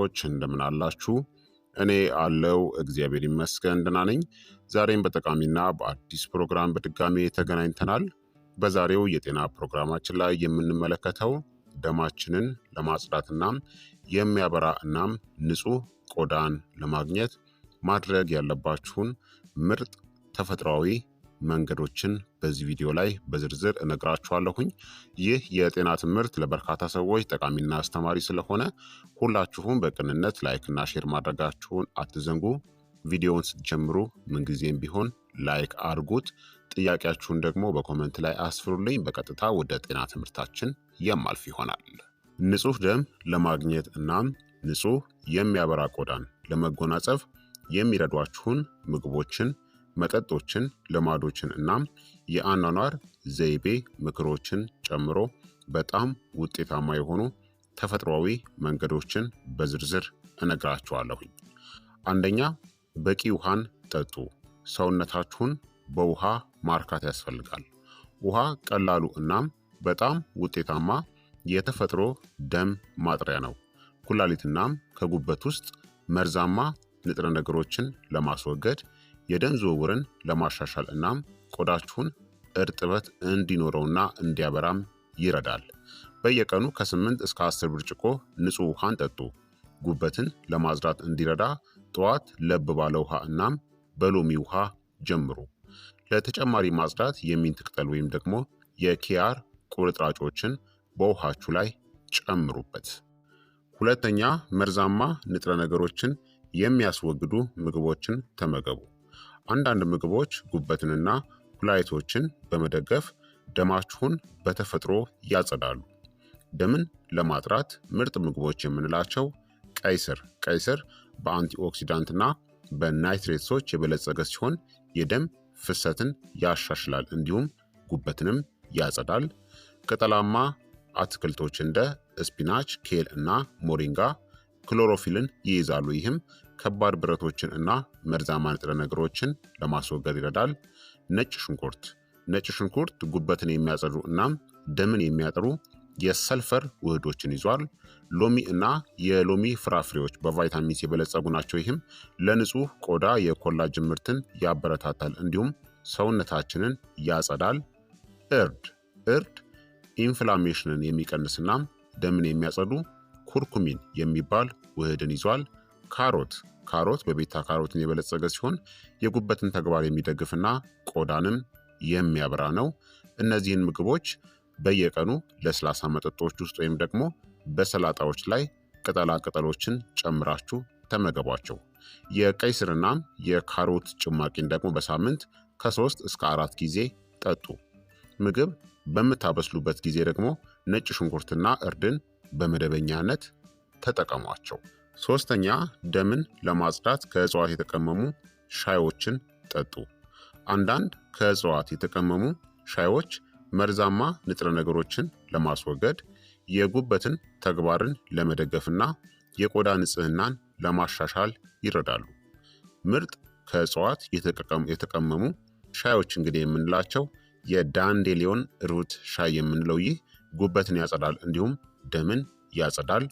ዎች እንደምን አላችሁ? እኔ አለው እግዚአብሔር ይመስገን ደህና ነኝ። ዛሬም በጠቃሚና በአዲስ ፕሮግራም በድጋሜ ተገናኝተናል። በዛሬው የጤና ፕሮግራማችን ላይ የምንመለከተው ደማችንን ለማጽዳትና የሚያበራ እናም ንጹህ ቆዳን ለማግኘት ማድረግ ያለባችሁን ምርጥ ተፈጥሯዊ መንገዶችን በዚህ ቪዲዮ ላይ በዝርዝር እነግራችኋለሁኝ። ይህ የጤና ትምህርት ለበርካታ ሰዎች ጠቃሚና አስተማሪ ስለሆነ ሁላችሁም በቅንነት ላይክና ሼር ማድረጋችሁን አትዘንጉ። ቪዲዮውን ስትጀምሩ ምንጊዜም ቢሆን ላይክ አድርጉት። ጥያቄያችሁን ደግሞ በኮመንት ላይ አስፍሩልኝ። በቀጥታ ወደ ጤና ትምህርታችን የማልፍ ይሆናል። ንጹህ ደም ለማግኘት እናም ንጹህ የሚያበራ ቆዳን ለመጎናጸፍ የሚረዷችሁን ምግቦችን መጠጦችን፣ ልማዶችን እናም የአኗኗር ዘይቤ ምክሮችን ጨምሮ በጣም ውጤታማ የሆኑ ተፈጥሯዊ መንገዶችን በዝርዝር እነግራችኋለሁኝ። አንደኛ በቂ ውሃን ጠጡ። ሰውነታችሁን በውሃ ማርካት ያስፈልጋል። ውሃ ቀላሉ እናም በጣም ውጤታማ የተፈጥሮ ደም ማጥሪያ ነው። ኩላሊትናም ከጉበት ውስጥ መርዛማ ንጥረ ነገሮችን ለማስወገድ የደም ዝውውርን ለማሻሻል እናም ቆዳችሁን እርጥበት እንዲኖረውና እንዲያበራም ይረዳል። በየቀኑ ከ8 እስከ 10 ብርጭቆ ንጹህ ውሃን ጠጡ። ጉበትን ለማጽዳት እንዲረዳ ጠዋት ለብ ባለ ውሃ እናም በሎሚ ውሃ ጀምሩ። ለተጨማሪ ማጽዳት የሚንት ቅጠል ወይም ደግሞ የኪያር ቁርጥራጮችን በውሃችሁ ላይ ጨምሩበት። ሁለተኛ፣ መርዛማ ንጥረ ነገሮችን የሚያስወግዱ ምግቦችን ተመገቡ። አንዳንድ ምግቦች ጉበትንና ኩላሊቶችን በመደገፍ ደማችሁን በተፈጥሮ ያጸዳሉ። ደምን ለማጥራት ምርጥ ምግቦች የምንላቸው ቀይ ስር ቀይ ስር በአንቲኦክሲዳንትና በናይትሬትሶች የበለጸገ ሲሆን የደም ፍሰትን ያሻሽላል፣ እንዲሁም ጉበትንም ያጸዳል። ቅጠላማ አትክልቶች እንደ ስፒናች፣ ኬል እና ሞሪንጋ ክሎሮፊልን ይይዛሉ። ይህም ከባድ ብረቶችን እና መርዛማ ንጥረ ነገሮችን ለማስወገድ ይረዳል። ነጭ ሽንኩርት ነጭ ሽንኩርት ጉበትን የሚያጸዱ እናም ደምን የሚያጠሩ የሰልፈር ውህዶችን ይዟል። ሎሚ እና የሎሚ ፍራፍሬዎች በቫይታሚን ሲ የበለጸጉ ናቸው። ይህም ለንጹህ ቆዳ የኮላጅን ምርትን ያበረታታል፣ እንዲሁም ሰውነታችንን ያጸዳል። እርድ እርድ ኢንፍላሜሽንን እናም ደምን የሚያጸዱ ኩርኩሚን የሚባል ውህድን ይዟል። ካሮት ካሮት በቤታ ካሮትን የበለጸገ ሲሆን የጉበትን ተግባር የሚደግፍና ቆዳንም የሚያብራ ነው። እነዚህን ምግቦች በየቀኑ ለስላሳ መጠጦች ውስጥ ወይም ደግሞ በሰላጣዎች ላይ ቅጠላ ቅጠሎችን ጨምራችሁ ተመገቧቸው። የቀይ ስርና የካሮት ጭማቂን ደግሞ በሳምንት ከሶስት እስከ አራት ጊዜ ጠጡ። ምግብ በምታበስሉበት ጊዜ ደግሞ ነጭ ሽንኩርትና እርድን በመደበኛነት ተጠቀሟቸው። ሶስተኛ ደምን ለማጽዳት ከእጽዋት የተቀመሙ ሻዮችን ጠጡ። አንዳንድ ከእጽዋት የተቀመሙ ሻዮች መርዛማ ንጥረ ነገሮችን ለማስወገድ የጉበትን ተግባርን ለመደገፍና የቆዳ ንጽህናን ለማሻሻል ይረዳሉ። ምርጥ ከእጽዋት የተቀመሙ ሻዮች እንግዲህ የምንላቸው የዳንዴሊዮን ሩት ሻይ የምንለው ይህ ጉበትን ያጸዳል፣ እንዲሁም ደምን ያጸዳል።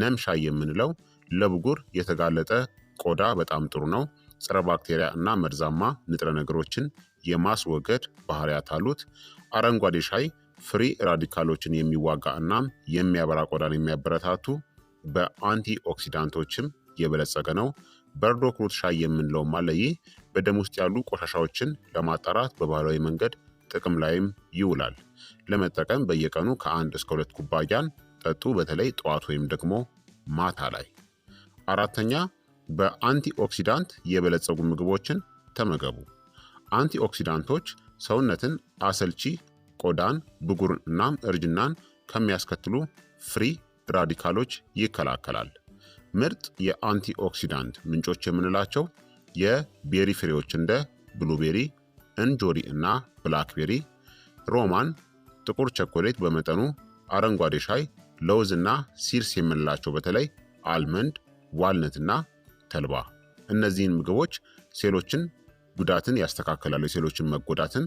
ነም ሻይ የምንለው ለብጉር የተጋለጠ ቆዳ በጣም ጥሩ ነው። ጸረ ባክቴሪያ እና መርዛማ ንጥረ ነገሮችን የማስወገድ ባህሪያት አሉት። አረንጓዴ ሻይ ፍሪ ራዲካሎችን የሚዋጋ እናም የሚያበራ ቆዳን የሚያበረታቱ በአንቲ ኦክሲዳንቶችም የበለጸገ ነው። በርዶ ክሩት ሻይ የምንለው አለ። ይህ በደም ውስጥ ያሉ ቆሻሻዎችን ለማጣራት በባህላዊ መንገድ ጥቅም ላይም ይውላል። ለመጠቀም በየቀኑ ከአንድ እስከ ሁለት ኩባያን ጠጡ፣ በተለይ ጠዋት ወይም ደግሞ ማታ ላይ። አራተኛ በአንቲኦክሲዳንት የበለጸጉ ምግቦችን ተመገቡ። አንቲኦክሲዳንቶች ሰውነትን አሰልቺ ቆዳን፣ ብጉርን እናም እርጅናን ከሚያስከትሉ ፍሪ ራዲካሎች ይከላከላል። ምርጥ የአንቲኦክሲዳንት ምንጮች የምንላቸው የቤሪ ፍሬዎች እንደ ብሉቤሪ፣ እንጆሪ እና ብላክቤሪ፣ ሮማን፣ ጥቁር ቸኮሌት በመጠኑ፣ አረንጓዴ ሻይ፣ ለውዝ እና ሲርስ የምንላቸው በተለይ አልመንድ፣ ዋልነትና ተልባ። እነዚህን ምግቦች ሴሎችን ጉዳትን ያስተካከላሉ፣ የሴሎችን መጎዳትን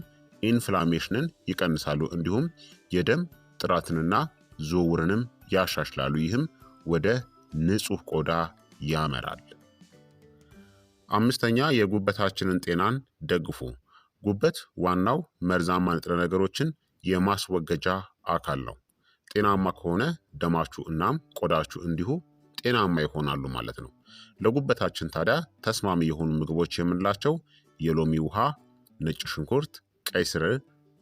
ኢንፍላሜሽንን ይቀንሳሉ፣ እንዲሁም የደም ጥራትንና ዝውውርንም ያሻሽላሉ። ይህም ወደ ንጹህ ቆዳ ያመራል። አምስተኛ የጉበታችንን ጤናን ደግፉ። ጉበት ዋናው መርዛማ ንጥረ ነገሮችን የማስወገጃ አካል ነው። ጤናማ ከሆነ ደማችሁ እናም ቆዳችሁ እንዲሁ ጤናማ ይሆናሉ ማለት ነው። ለጉበታችን ታዲያ ተስማሚ የሆኑ ምግቦች የምንላቸው የሎሚ ውሃ፣ ነጭ ሽንኩርት፣ ቀይ ስር፣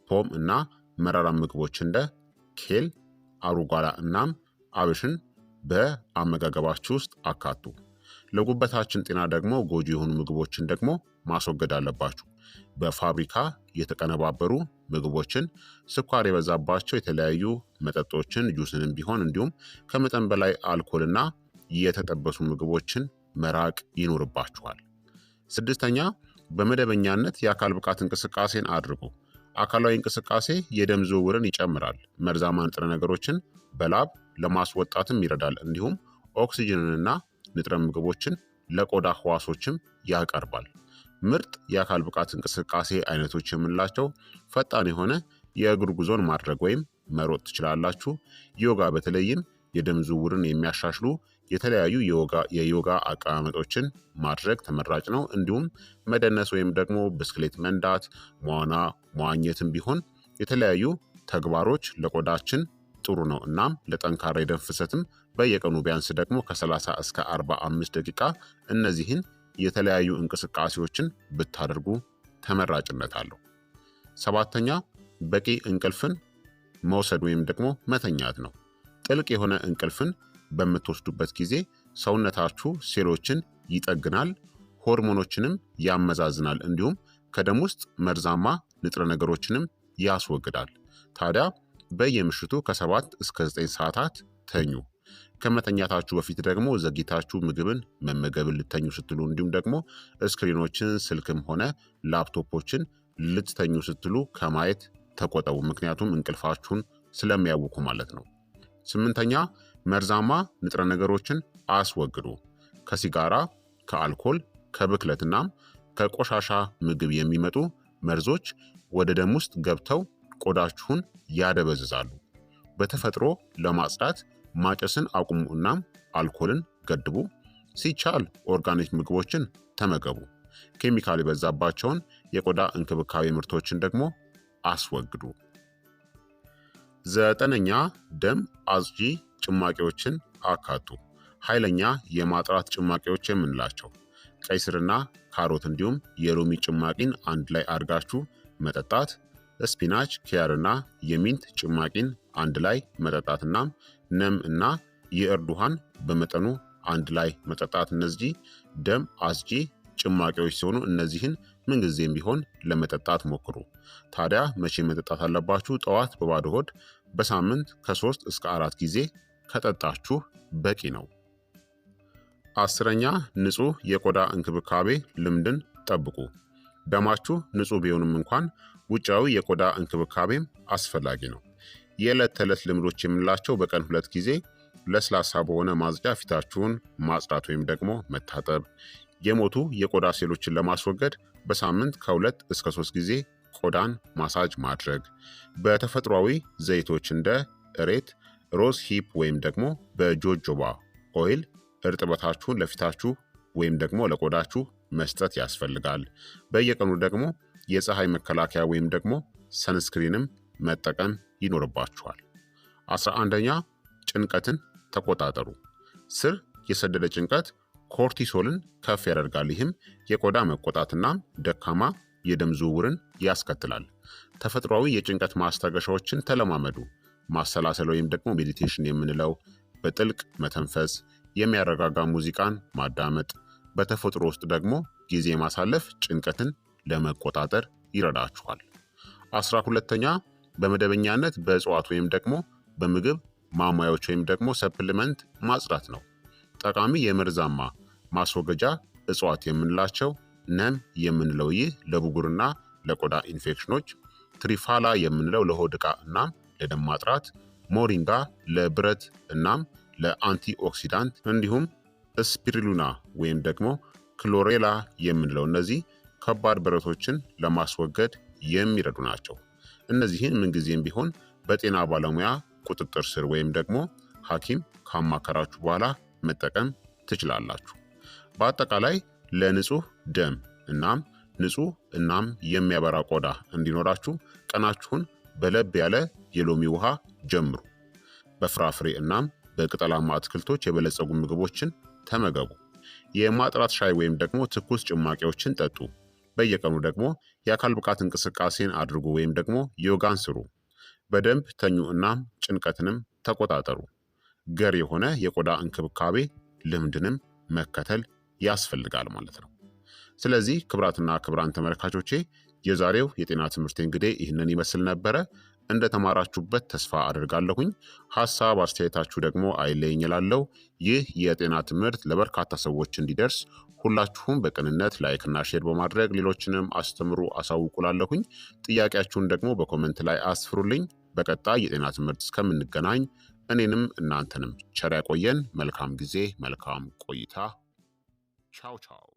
ፖም እና መራራ ምግቦች እንደ ኬል፣ አሩጓላ እናም አብሽን በአመጋገባችሁ ውስጥ አካቱ። ለጉበታችን ጤና ደግሞ ጎጂ የሆኑ ምግቦችን ደግሞ ማስወገድ አለባችሁ። በፋብሪካ የተቀነባበሩ ምግቦችን፣ ስኳር የበዛባቸው የተለያዩ መጠጦችን፣ ጁስንም ቢሆን እንዲሁም ከመጠን በላይ አልኮልና የተጠበሱ ምግቦችን መራቅ ይኖርባችኋል። ስድስተኛ በመደበኛነት የአካል ብቃት እንቅስቃሴን አድርጉ። አካላዊ እንቅስቃሴ የደም ዝውውርን ይጨምራል፣ መርዛማ ንጥረ ነገሮችን በላብ ለማስወጣትም ይረዳል። እንዲሁም ኦክሲጅንንና ንጥረ ምግቦችን ለቆዳ ህዋሶችም ያቀርባል። ምርጥ የአካል ብቃት እንቅስቃሴ አይነቶች የምንላቸው ፈጣን የሆነ የእግር ጉዞን ማድረግ ወይም መሮጥ ትችላላችሁ። ዮጋ በተለይም የደም ዝውውርን የሚያሻሽሉ የተለያዩ የዮጋ አቀማመጦችን ማድረግ ተመራጭ ነው። እንዲሁም መደነስ ወይም ደግሞ ብስክሌት መንዳት፣ መዋና፣ መዋኘትም ቢሆን የተለያዩ ተግባሮች ለቆዳችን ጥሩ ነው። እናም ለጠንካራ የደም ፍሰትም በየቀኑ ቢያንስ ደግሞ ከ30 እስከ 45 ደቂቃ እነዚህን የተለያዩ እንቅስቃሴዎችን ብታደርጉ ተመራጭነት አለው። ሰባተኛ በቂ እንቅልፍን መውሰድ ወይም ደግሞ መተኛት ነው። ጥልቅ የሆነ እንቅልፍን በምትወስዱበት ጊዜ ሰውነታችሁ ሴሎችን ይጠግናል፣ ሆርሞኖችንም ያመዛዝናል፣ እንዲሁም ከደም ውስጥ መርዛማ ንጥረ ነገሮችንም ያስወግዳል። ታዲያ በየምሽቱ ከሰባት እስከ ዘጠኝ ሰዓታት ተኙ። ከመተኛታችሁ በፊት ደግሞ ዘግይታችሁ ምግብን መመገብን ልተኙ ስትሉ እንዲሁም ደግሞ እስክሪኖችን ስልክም ሆነ ላፕቶፖችን ልትተኙ ስትሉ ከማየት ተቆጠቡ። ምክንያቱም እንቅልፋችሁን ስለሚያውኩ ማለት ነው። ስምንተኛ መርዛማ ንጥረ ነገሮችን አስወግዱ ከሲጋራ፣ ከአልኮል፣ ከብክለት እናም ከቆሻሻ ምግብ የሚመጡ መርዞች ወደ ደም ውስጥ ገብተው ቆዳችሁን ያደበዝዛሉ። በተፈጥሮ ለማጽዳት ማጨስን አቁሙ እናም አልኮልን ገድቡ። ሲቻል ኦርጋኒክ ምግቦችን ተመገቡ። ኬሚካል የበዛባቸውን የቆዳ እንክብካቤ ምርቶችን ደግሞ አስወግዱ። ዘጠነኛ ደም አጽጂ ጭማቂዎችን አካቱ። ኃይለኛ የማጥራት ጭማቂዎች የምንላቸው ቀይ ስርና ካሮት እንዲሁም የሎሚ ጭማቂን አንድ ላይ አድርጋችሁ መጠጣት፣ ስፒናች፣ ኪያርና የሚንት ጭማቂን አንድ ላይ መጠጣት ነም እና የእርድ ውሃን በመጠኑ አንድ ላይ መጠጣት። እነዚህ ደም አስጂ ጭማቂዎች ሲሆኑ እነዚህን ምንጊዜም ቢሆን ለመጠጣት ሞክሩ። ታዲያ መቼ መጠጣት አለባችሁ? ጠዋት በባዶ ሆድ በሳምንት ከሶስት እስከ አራት ጊዜ ከጠጣችሁ በቂ ነው። አስረኛ ንጹህ የቆዳ እንክብካቤ ልምድን ጠብቁ። ደማችሁ ንጹህ ቢሆንም እንኳን ውጫዊ የቆዳ እንክብካቤም አስፈላጊ ነው። የዕለት ተዕለት ልምዶች የምንላቸው በቀን ሁለት ጊዜ ለስላሳ በሆነ ማጽጃ ፊታችሁን ማጽዳት ወይም ደግሞ መታጠብ፣ የሞቱ የቆዳ ሴሎችን ለማስወገድ በሳምንት ከሁለት እስከ ሶስት ጊዜ ቆዳን ማሳጅ ማድረግ በተፈጥሯዊ ዘይቶች እንደ እሬት፣ ሮዝ ሂፕ ወይም ደግሞ በጆጆባ ኦይል እርጥበታችሁን ለፊታችሁ ወይም ደግሞ ለቆዳችሁ መስጠት ያስፈልጋል። በየቀኑ ደግሞ የፀሐይ መከላከያ ወይም ደግሞ ሰንስክሪንም መጠቀም ይኖርባችኋል። አስራ አንደኛ ጭንቀትን ተቆጣጠሩ። ስር የሰደደ ጭንቀት ኮርቲሶልን ከፍ ያደርጋል። ይህም የቆዳ መቆጣትና ደካማ የደም ዝውውርን ያስከትላል። ተፈጥሯዊ የጭንቀት ማስታገሻዎችን ተለማመዱ። ማሰላሰል ወይም ደግሞ ሜዲቴሽን የምንለው በጥልቅ መተንፈስ፣ የሚያረጋጋ ሙዚቃን ማዳመጥ፣ በተፈጥሮ ውስጥ ደግሞ ጊዜ ማሳለፍ ጭንቀትን ለመቆጣጠር ይረዳችኋል። አስራ ሁለተኛ በመደበኛነት በእጽዋት ወይም ደግሞ በምግብ ማሟያዎች ወይም ደግሞ ሰፕሊመንት ማጽዳት ነው። ጠቃሚ የመርዛማ ማስወገጃ እጽዋት የምንላቸው ነም የምንለው ይህ ለብጉርና ለቆዳ ኢንፌክሽኖች፣ ትሪፋላ የምንለው ለሆድ ዕቃ እናም ለደም ማጥራት፣ ሞሪንጋ ለብረት እናም ለአንቲኦክሲዳንት እንዲሁም ስፒሪሉና ወይም ደግሞ ክሎሬላ የምንለው እነዚህ ከባድ ብረቶችን ለማስወገድ የሚረዱ ናቸው። እነዚህን ምንጊዜም ቢሆን በጤና ባለሙያ ቁጥጥር ስር ወይም ደግሞ ሐኪም ካማከራችሁ በኋላ መጠቀም ትችላላችሁ። በአጠቃላይ ለንጹህ ደም እናም ንጹህ እናም የሚያበራ ቆዳ እንዲኖራችሁ ቀናችሁን በለብ ያለ የሎሚ ውሃ ጀምሩ። በፍራፍሬ እናም በቅጠላማ አትክልቶች የበለጸጉ ምግቦችን ተመገቡ። የማጥራት ሻይ ወይም ደግሞ ትኩስ ጭማቂዎችን ጠጡ። በየቀኑ ደግሞ የአካል ብቃት እንቅስቃሴን አድርጉ ወይም ደግሞ ዮጋን ስሩ። በደንብ ተኙ እናም ጭንቀትንም ተቆጣጠሩ። ገር የሆነ የቆዳ እንክብካቤ ልምድንም መከተል ያስፈልጋል ማለት ነው። ስለዚህ ክብራትና ክብራን ተመልካቾቼ የዛሬው የጤና ትምህርት እንግዲህ ይህንን ይመስል ነበረ። እንደተማራችሁበት ተስፋ አድርጋለሁኝ። ሀሳብ አስተያየታችሁ ደግሞ አይለኝ ይላለው ይህ የጤና ትምህርት ለበርካታ ሰዎች እንዲደርስ ሁላችሁም በቅንነት ላይክና ሼር በማድረግ ሌሎችንም አስተምሩ፣ አሳውቁላለሁኝ። ጥያቄያችሁን ደግሞ በኮመንት ላይ አስፍሩልኝ። በቀጣይ የጤና ትምህርት እስከምንገናኝ እኔንም እናንተንም ቸር ያቆየን። መልካም ጊዜ፣ መልካም ቆይታ። ቻው ቻው